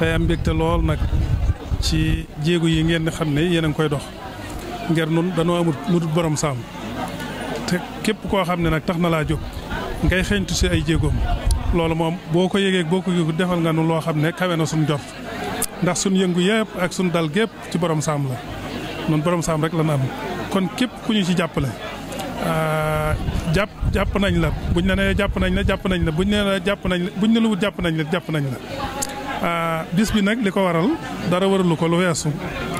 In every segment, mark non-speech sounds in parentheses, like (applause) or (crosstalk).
tey am mbégte lool nag ci jéego yi ngeen di xam ne yéen a ngi koy dox ngir nun danoo amut lu dul borom saam te képp koo xam ne nag tax na laa jóg ngay xeeñtu si ay jéegoom loolu moom boo ko yëgee boo ko yëgu defal nga nu loo xam ne kawe na suñ jot ndax suñ yëngu yëpp ak suñ dal gépp ci borom saam la nun borom saam rek la am kon képp ku ñu ci jàppale jàpp jàpp nañ la buñ ne jàpp nañ la jàpp nañ la buñ ne la jàpp nañ la buñ ne lu jàpp nañ la jàpp nañ la Euh, bis bi nag li ko waral dara waralu ko lu weesu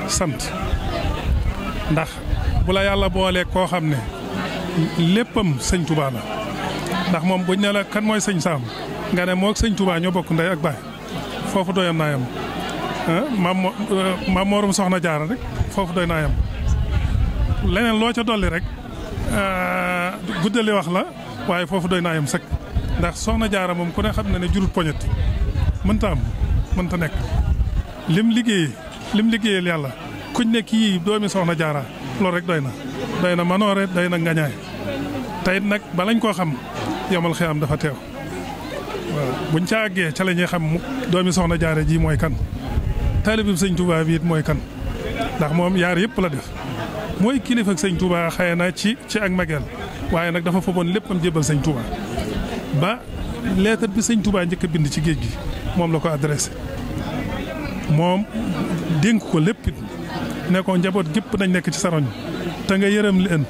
sant ndax bu la yàlla boolee koo xam ne léppam sëñ Touba la ndax moom buñ ne la kan mooy sëñ Saam nga ne moo sëñ Touba ñoo bokk ndey ak baay foofu doyam naa yam mam mam moorum soxna jaara foofu doy naa yam leneen loo ca dolli rek euh, guddali wax la waaye foofu doy naa yam sëkk ndax soxna jaara moom ku ne xam na ne jurut poñet mënta am mënta nekk lim liggéey lim liggéeyal yàlla kuñ nekk yii doomi soxna jaara loolu rek doy na doy na manoore doy na ngañaay tayit nag balañ koo xam yomal xiyaam dafa teew buñ ca àggee ca la ñuy xam doomi soxna jaare ji mooy kan taalibib bi Touba bi it mooy kan ndax moom yaar yëpp la def mooy kilifa ak sëñ Touba na ci ci ak mageel waaye nag dafa foogoon lépp am jébbal sañ Touba ba leetar bi sëñ Touba njëkk a bind ci géej gi moom la ko adressé moom dénk ko lépp nekkoo njaboot gépp nañ nekk ci saroñ te nga yërëm leen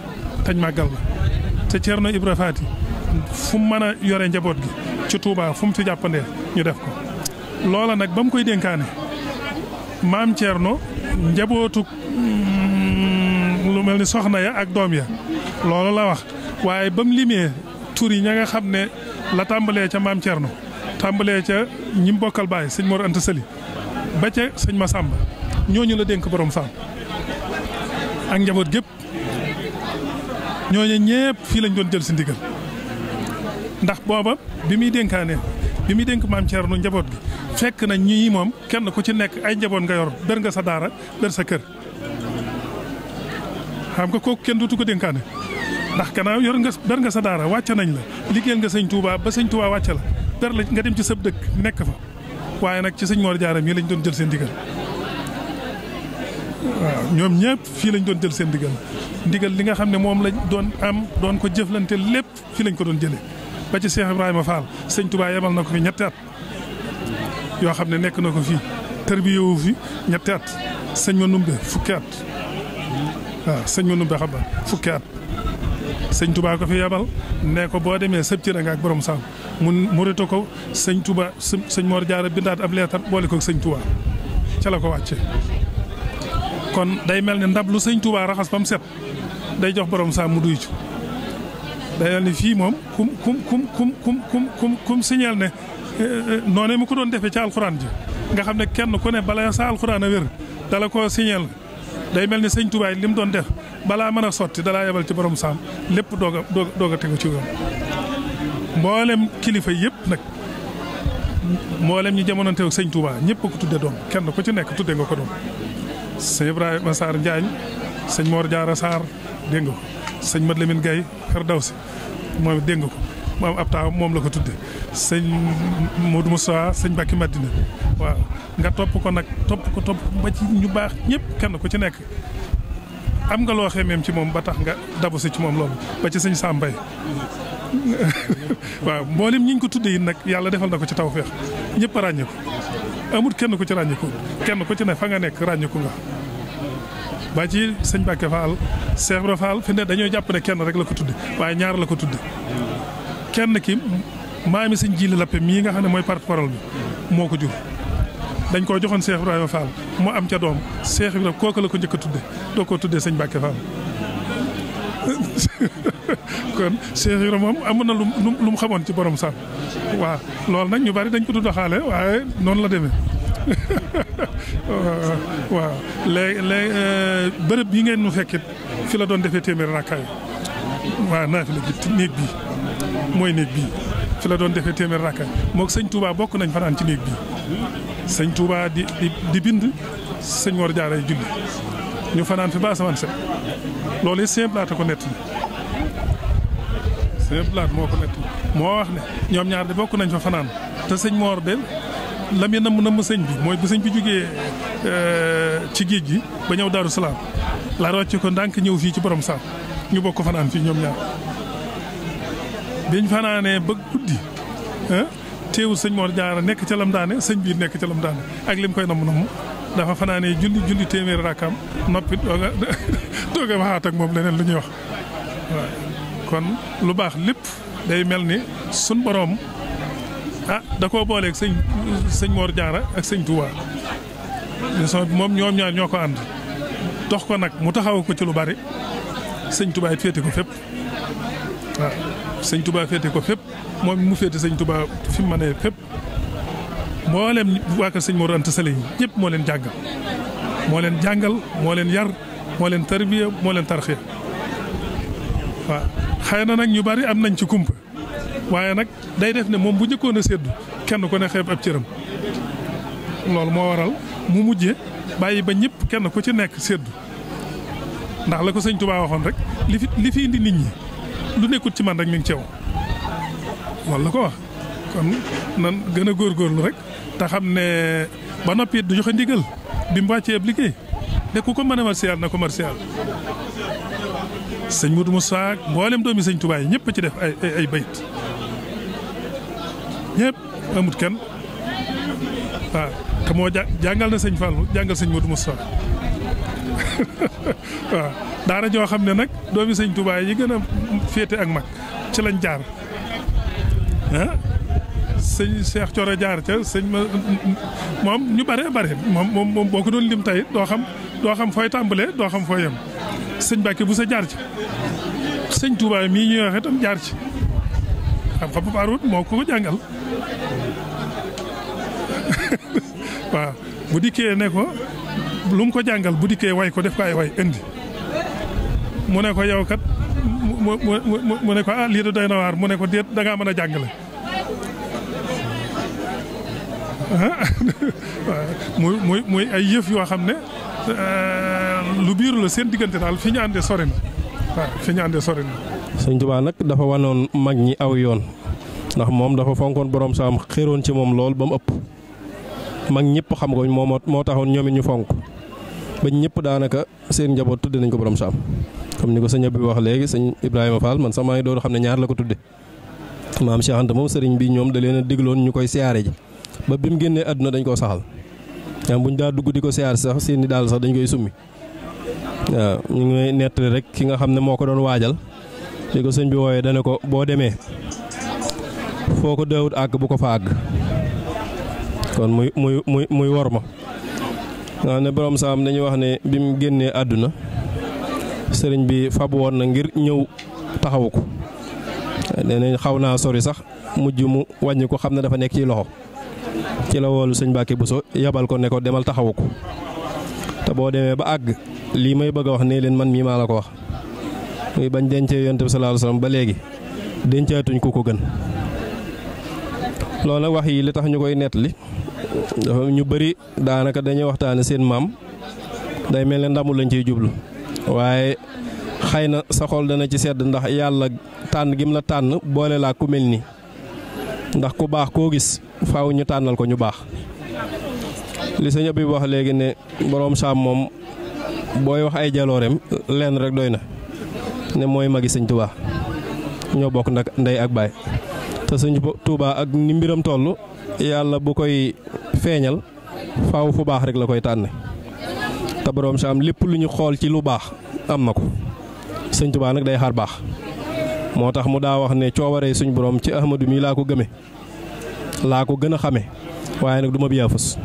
tañ màggal la te Thierno Ibra Faty fu mu mën a yore njaboot gi ci Touba fu mu fi jàppandee ñu def ko loola nag ba mu koy dénkaane maam Thierno njabootu mm, lu mel ni soxna ya ak doom ya loolu la wax waaye ba mu limee tur yi ña nga xam ne la tàmbalee ca maam Thierno tàmbalee ca ñi bokkal baay sëñ Mor Anta Sali ba ca sëñ ma Massamba ñooñu la dénk borom saam ak njaboot gépp ñooñu ñëpp fii lañ doon jël si ndigal ndax booba bi muy dénkaane bi muy dénk maam Thierno njaboot gi fekk nañ ñii moom kenn ku ci nekk ay njaboot nga yor ber nga sa daara ber sa kër xam nga kooku kenn dootu ko dénkaane ndax gannaaw yor nga ber nga sa daara wàcce nañ la liggéeyal nga sëñ Touba ba sëñ Touba wàcce la. dara la nga dem ci sab dëkk nekk fa waaye nag ci sëñ Mor Diarra mii lañ doon jël seen ndigal waaw ñoom ñëpp fii lañ doon jël seen ndigal ndigal li nga xam ne moom lañ doon am doon ko jëflante lépp fii lañ ko doon jëlee ba ci Cheikh Ibrahima Fall sëñ Touba yemal na ko fi ñetti at yoo xam ne nekk na ko fii tërbiyewu fi ñetti at sëñ ma numbe fukki at waaw sëñ ma numbe xam fukki at sëñ tubaa ko fi yabal nee ko boo demee sëb ci ak borom saam mu murite ko sëñ Touba sëñ moor Jaara bindaat ab leetar boole ko sëñ Touba ca la ko wàcce kon day mel ne ndab lu sëñ Touba raxas ba mu set day jox borom saam mu duy ci day mel ni fii moom kum kum kum kum kum kum kum kum ne eh, eh, noonee mu ko doon defee ci alxuraan ji nga xam ne kenn ku ne bala sa alxuraan a wér dala koo signal day mel ni sëñ Touba li mu doon def. balaa mën a sotti dalaa yebal ci borom saam lépp doog a doog ci yoon mboolem kilifa yëpp nag mboolem ñu jamono teew sëñ Touba ñëpp ko tudde doom kenn ku ci nekk tudde nga ko doom sëñ Ibrahima Sarr Njaañ sëñ Mor Diarra Sarr dégg sëñ Mad Lamine Gaye moom it dégg nga ko moom ab taaw moom la ko tudde sëñ Modou Moussa sëñ Bakki Madina waaw nga topp ko nag topp ko topp ba ñu baax ñëpp kenn ku ci nekk am nga loo xemeem ci moom ba tax nga dabu si ci moom loolu ba ci sëñ saam Mbaye mm-hmm. (laughs) waaw mboolem ñi ñu ko tuddee yi nag yàlla defal na ko ci tawféex ñëpp ràññe ko amul kenn ku ci ràññe ko kenn ku ci ne fa nga nekk ràññe nga ba ci sëñ Mbacke Fall Cheikh Ibra Fall fi ne dañoo jàpp kenn rek la ko tudde waaye ñaar la ko tudde kenn ki maami sëñ Jili Lappe mii nga xam ne mooy porte-parole bi moo ko jur dañ koo joxoon Cheikh Ibrahima Fall moo am ca doom Cheikh Ibrahima kooku la ko jëkk a tudde doo koo tuddee sëñ Mbacke Fall (laughs) kon Cheikh Ibrahima moom amoon na lu lu xamoon ci borom Sall waaw loolu nag ñu bari dañ ko tudda xaale waaye noonu la deme (laughs) waaw léegi léegi euh, bërëb yi ngeen nu fekkit fi la doon defee téeméeri rakkaay waaw naa fi la gi néeg mooy néeg bi fi la doon defee téeméeri rakkaay moog sëñ Touba bokk nañ fanaan ci néeg bi sëñ Touba di di bind sëñ Mor Diarra ay julli ñu fanaan fi ba asamaan set loolu it Sëñ Blaat a ko nettali Sëñ Blaat moo ko nettali moo wax ne ñoom ñaar de bokk nañ fa fanaan te sëñ Mor de lam ya namm namm sëñ bi mooy bu sëñ bi jógee euh, ci géej gi ba ñëw Daaru Salaam la rocc ko ndànk ñëw fii ci borom saam ñu bokk fanaan fi ñoom ñaar biñ fanaanee ba guddi teewul sëñ Mor Jaara nekk ca lam sëñ biir nekk ca lam daane ak lim koy namm namm dafa fanaanee julli julli téeméeri rakkaam noppi (laughs) doog a waxaat ak moom leneen lu ñuy wax kon lu baax lépp day mel ni suñ boroom ah da koo booleeg sëñ sëñ Mor Jaara ak sëñ Touba moom ñoom ñoo ko ànd dox ko nag mu taxawu ko ci lu bari sëñ Touba féete ko fépp waaw sëñ Touba féete ko fépp moom mu féete sëñ Touba fi mu mënee fépp mboolem waa kër sëñ Mor Anta Sali ñëpp moo leen jàngal moo leen jàngal moo leen yar moo leen tarbiya moo leen tarxiya waaw xëy na nag ñu bari am nañ ci kumpa waaye nag day def ne moom bu njëkkoon a séddu kenn ku ne xeeb ab cëram loolu moo waral mu mujje bàyyi ba ñëpp kenn ku ci nekk séddu ndax la ko sëñ Touba waxoon rek li fi li fi indi nit ñi. lu nekkut ci man rek mi ngi ci yow walla ko wax kon nan gën a góorgóorlu rek te xam ne ba noppi du joxe ndigal bi mu wàccee ab liggéey de ku ko commercial na commercial sëñ Moudou Moussa mboolem doomi sëñ Touba yi a ci def ay ay bayit ñëpp amut kenn waaw te moo jàngal na sëñ Fallou jàngal sëñ Moudou Moussa (laughs) waaw daara joo xam ne nag doomi sëñ Touba yi gën a féete ak mag ci lañ jaar ah, sëñ Cheikh Thioro jaar ca sëñ ma moom ñu bare bare moom moom boo ko doon lim tey doo xam doo xam fooy tàmbalee doo xam fooy yem sëñ Bakke bu sa jaar ci sëñ Touba mii ñuy wax itam jaar ci xam-xam Baroud moo ko ko jàngal (laughs) waaw bu dikkee ne ko lu mu ko jàngal bu dikkee way ko def ko ay way indi. mu ne ko yow kat mu mu mu ne ko ah lii du doy na mu ne ko déet dangaa mën a jàngale. (laughs) muy muy muy ay yëf yoo xam ne euh, lu biiru la seen diggante daal fi ñu àndee sori na waaw fi ñu àndee sori na. sëñ Tuubaa nag dafa wanoon mag ñi aw yoon ndax moom dafa fonkoon borom saam xéroon ci moom lool bam ëpp mag ñépp xam ko moo moo taxoon ñoom ñu fonk. ba ñëpp daanaka seen njaboot tudde nañ ko boroom saam comme ni ko sëñ bi wax léegi sëñ Ibrahima Fall man sama maa ngi doon xam ne ñaar la ko tudde maam Cheikh Anta moom sëriñ bi ñoom da leen a digloon ñu koy siyaare ji ba bi mu génnee àdduna dañ koo saxal ñaam bu ñu daa dugg di ko siyaar sax seen i dañ koy summi waaw ñu ngi rek ki nga xam ne moo ko doon waajal li ko sëñ bi wooyee dana ko boo demee foo ko dawut àgg bu ko fa àgg kon muy muy muy muy wor ma nga xam ne borom saam dañuy wax ne bi mu génnee àdduna sëriñ bi fab woon na ngir ñëw taxawu ko nee xaw naa sori sax mujj mu wàññi ko xam ne dafa nekk ci loxo ci la woolu sëñ bu Buso yabal ko ne ko demal taxawu ko te boo demee ba àgg lii may bëgg a wax nee leen man mii maa la ko wax muy bañ dencee yent bi sallallaahu alayhi ba léegi dencaatuñ ku ko gën loolu wax yi li tax ñu koy li dafa ñu bari daanaka dañuy waxtaane seen maam day mel ne ndamu lañ ciy jublu waaye xëy na sa xol dana ci sedd ndax yàlla tànn gim la tànn boole laa ku mel ni ndax ku baax koo gis faw ñu tànnal ko ñu baax li sëñ Abi wax léegi ne boroom saam moom booy wax ay jaloorem lenn rek doy na ne mooy magi sëñ Touba ñoo bokk nag ndey ak baay te sëñ Touba ak ni mbiram toll yàlla bu koy feeñal faw fu baax rek la koy tànne te boroom am lépp lu ñu xool ci lu baax am na ko sëñ Tuubaa nag day xaar baax moo tax mu daa wax ne coowaree suñ borom ci ahmadu mi laa ko gëme laa ko gën a xame waaye nag du ma bi yaafus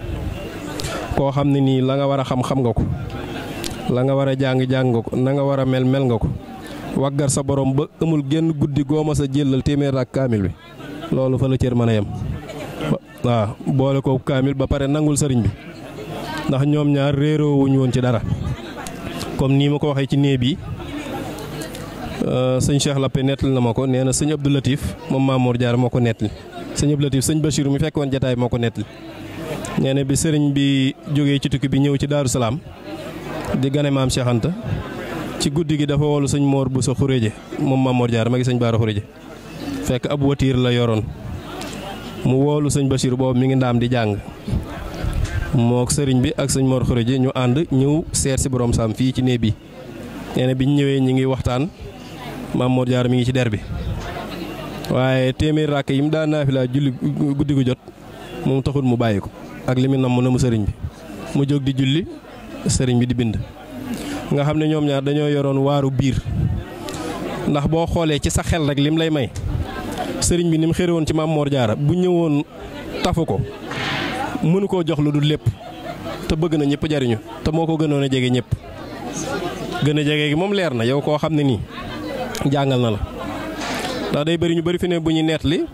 koo xam ne nii la nga war a xam-xam nga ko la nga war a jàng-jàng nga ko na nga war a mel-mel nga ko waggar sa borom ba amul génn guddi gooma sa jëlal téeméer ak kaamil bi loolu fa la cër mën a yem waaw boole ko kaamil ba pare nangul sëriñ bi ndax ñoom ñaar réeroo wuñu woon ci dara comme nii ma ko waxee ci néeg bi euh, sëñ Cheikh Lappé nettali na ma ko nee na sëñ Abdou Latif moom Mamour Diarra moo ko nettali sëñ Abdou Latif sëñ Bachir mi fekkoon jataay moo ko nettali nee na bi sëriñ bi jógee ci tukki bi ñëw ci Daaru Salaam di gane maam Cheikh ci guddi gi dafa wolu sëñ moor bu sa xuréje moom Mamour jaar ma sañ sëñ Baara xuréje fekk ab watiir la yoroon mu woolu sëñ Bachir boobu mi ngi ndaam di jàng mook sëriñ bi ak sëñ Mor Xoroji ñu ànd ñëw seet si borom saam fii ci néeg bi nee bi ñu ñëwee ñu ngi waxtaan maam Mor mi ngi ci der bi waaye téeméer ràkk yi mu daan naafila julli guddi gu jot moom taxul mu bàyyi ko ak li mu namm na mu sëriñ bi mu jóg di julli sëriñ bi di bind. nga xam ne ñoom ñaar dañoo yoroon waaru biir ndax boo xoolee ci sa xel rek lim lay may. sëriñ bi ni mu xëre woon ci maam Mor Jaara bu ñëwoon tafu ko mënu koo jox lu dul lépp te bëgg na ñëpp jariñu te moo ko gënoon a jege ñëpp gën a jege gi moom leer na yow koo xam ne nii jàngal na la dax day bëri ñu bari fi ne bu ñu neet li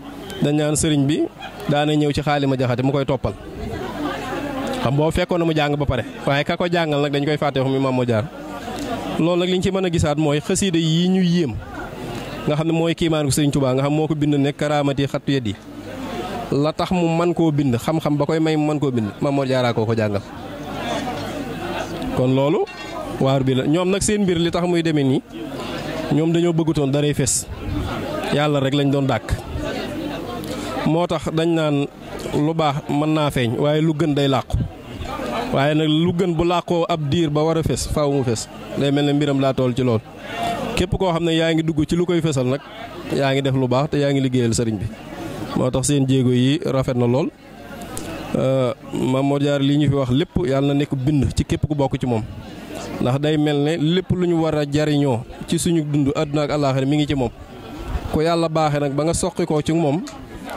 dañ naan sëriñ bi daana ñëw ci ma jaxate mu koy toppal xam boo fekkoon na mu jàng ba pare waaye ka ko jàngal nag dañ koy fàtte wax mi maam moo jaar loolu nag liñ ci mën a gisaat mooy xësiida yi ñuy yéem nga xam ne mooy kiimaan ko sëriñ Tuubaa nga xam moo ko bind ne karaamati xattu yeddi la tax mu man koo bind xam-xam ba koy may mu man koo bind ma Mor Jaara ko jàngal kon loolu waar bi la ñoom nag seen mbir li tax muy demee nii ñoom dañoo bëggutoon daray fes yàlla rek lañ doon dàkk moo tax dañ naan lu baax mën naa feeñ waaye lu gën day làqu waaye nag lu gën bu làqoo ab diir ba war a fes faaw mu fes day mel ne mbiram laa tool ci lool képp koo xam ne yaa ngi dugg ci lu koy fesal nag yaa ngi def lu baax te yaa ngi liggéeyal sëriñ bi moo tax seen jéego yi rafet na lool euh, Mamour Diarra lii ñu fi wax lépp yàlla na nekk bind ci képp ku bokk ci moom ndax day mel ne lépp lu ñu war a jariñoo ci suñu dund àdduna ak àllaaxira mi ngi ci moom ku yàlla baaxee nag ba nga soqi ko ci moom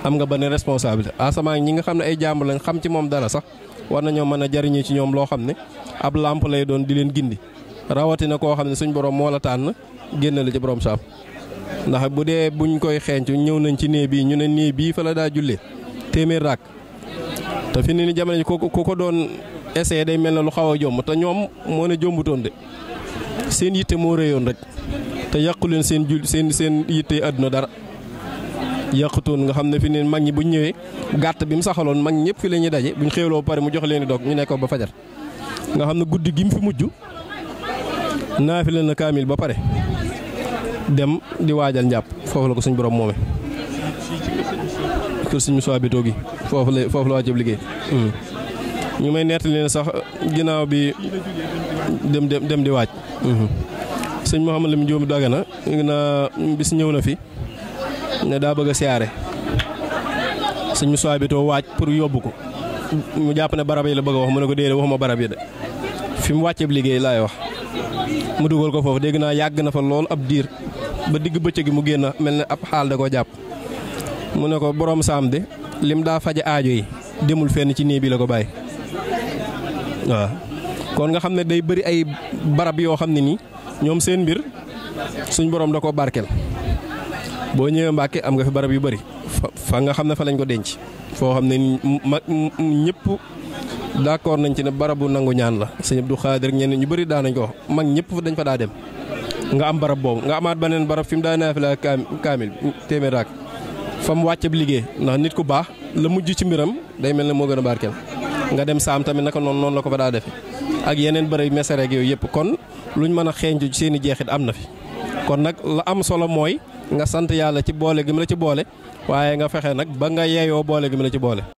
am nga benn responsabilité asamaan ñi nga xam ne ay jàmbur lañ xam ci moom dara sax war nañoo mën a jariñu ci ñoom loo xam ne ab làmp lay doon di leen gindi rawatina koo xam ne suñ borom moo la tànn génn la ci borom saam ndax bu dee buñ koy xeeñcu ñëw nañ ci néeg bii ñu ne néeg bii fa la daa jullee téeméer raak te fi ni ni jamono ku ko doon essayé day mel na lu xaw a jomb te ñoom moo ne jombutoon de seen yitte moo réyoon rek te yàqu leen seen jul seen seen yitte àdduna dara yàqutoon nga xam ne fi ne mag ñi bu ñu ñëwee gàtt bi mu saxaloon mag ñëpp fi la ñuy daje bu ñu xéwloo pare mu jox leen i dog ñu nekkoon ba fajar nga xam ne guddi gi mu fi mujj naafile na kaamil ba pare dem di waajal njàpp foofu la ko suñ borom moome kër suñu soi bi toogi foofu la foofu la wàcceb liggéey hmm. ñu may nettali leen sax ginnaaw bi dem dem di waaj hmm. sëñ Mouhamadou Lamine na Dagana bis ñëw na fi ne daa bëgg a siyaare sëñ Moussa bi too waaj pour yóbbu ko mu jàpp ne barab yi la bëgg a wax mu ne ko déedéet waxuma barab yi de fi mu wàcceeb liggéey laay wax mu dugal ko foofu dégg naa yàgg na fa lool ab diir ba digg bëccëgi mu génn mel ne ab xaal da koo jàpp mu ne ko boroom saam de lim daa faje aajo yi demul fenn ci nii bi la ko bàyyi waaw kon nga xam ne day bëri ay barab yoo xam ne nii ñoom seen mbir suñ borom da koo barkel boo ñëwee Mbàkke am nga fi barab yu bari fa nga xam ne fa lañ ko denc foo xam ne ma ñëpp d'accord nañ ci ne barabu nangu ñaan la sëñ Abdou Khadir ñeneen ñu bëri daan nañ ko mag ñëpp dañ fa daa dem nga am barab boobu nga amaat beneen barab fi mu daa naafila kaamil téeméer ak fa mu wàcc bi liggéey ndax nit ku baax la mujj ci mbiram day mel ne moo gën a barkeel nga dem saam tamit naka noonu noonu la ko fa daa defe ak yeneen bërëb mesereeg yooyu yëpp kon luñ mën a xeeñju seeni jeexit am na fi kon nag la am solo mooy nga sant yàlla ci boole gi mu la ci boole waaye nga fexe nag ba nga yeyoo boole gi mu la ci boole